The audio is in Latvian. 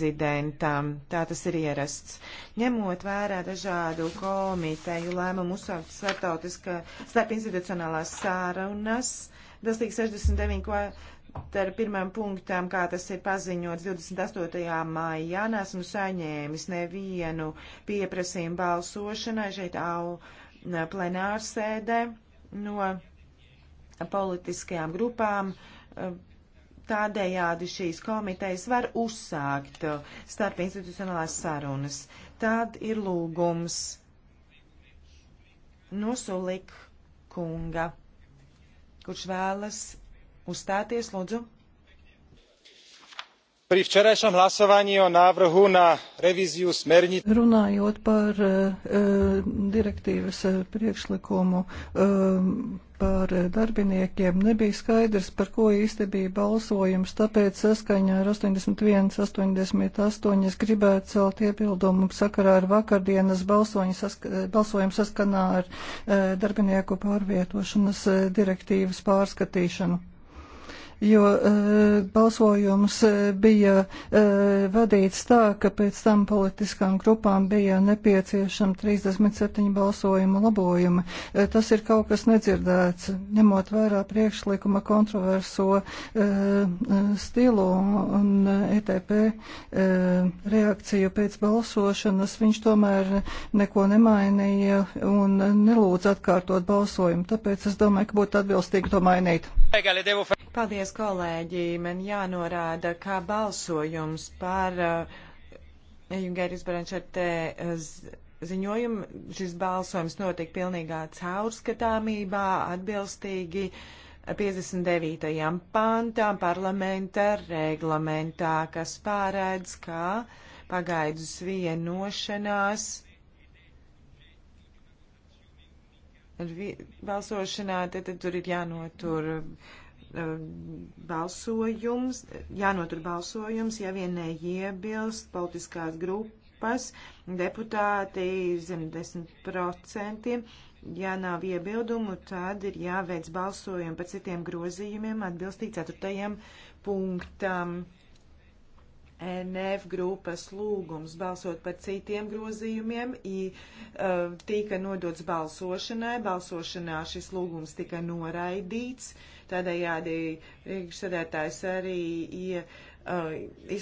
prezidentam. Tā tas ir ierasts. Ņemot vērā dažādu komiteju lēmumu uzsākt starptautiskā starpinstitucionālās sārunas, tas tiek 69 ar pirmām punktām, kā tas ir paziņots 28. maijā, nesmu saņēmis nevienu pieprasījumu balsošanai šeit au plenārsēdē no politiskajām grupām. Tādējādi šīs komitejas var uzsākt uh, starp institucionālās sarunas. Tad ir lūgums Nusulik kunga, kurš vēlas uzstāties, lūdzu pri včerajšom hlasovaní o návrhu na revíziu smernice. Runājot par e, direktīvas eh, priekšlikumu e, par darbiniekiem, nebija skaidrs, par ko īsti bija balsojums, tāpēc saskaņā ar 81.88 es gribētu celt iebildumu sakarā ar vakardienas balsojumu sask saskanā ar e, darbinieku pārvietošanas direktīvas pārskatīšanu jo e, balsojums e, bija e, vadīts tā, ka pēc tam politiskām grupām bija nepieciešama 37 balsojuma labojuma. Tas ir kaut kas nedzirdēts, ņemot vērā priekšlikuma kontroverso stilu un ETP reakciju pēc balsošanas. Viņš tomēr neko nemainīja un nelūdz atkārtot balsojumu. Tāpēc es domāju, ka būtu atbilstīgi to mainīt. Paldies, kolēģi. Man jānorāda, kā balsojums par uh, Jungeris Barančarte eh, ziņojumu. Šis balsojums notika pilnīgā caurskatāmībā, atbilstīgi 59. pantām parlamenta reglamentā, kas pārēdz, kā pagaidus vienošanās balsošanā, tad, tad tur ir jānotur balsojums, jānotur balsojums, ja vien neiebilst politiskās grupas deputāti zem 10%. Ja nav iebildumu, tad ir jāveic balsojumi par citiem grozījumiem atbilstīt 4. punktam. NF grupas lūgums balsot par citiem grozījumiem i, uh, tika nodots balsošanai. Balsošanā šis lūgums tika noraidīts. Tādējādi priekšsēdētājs arī uh,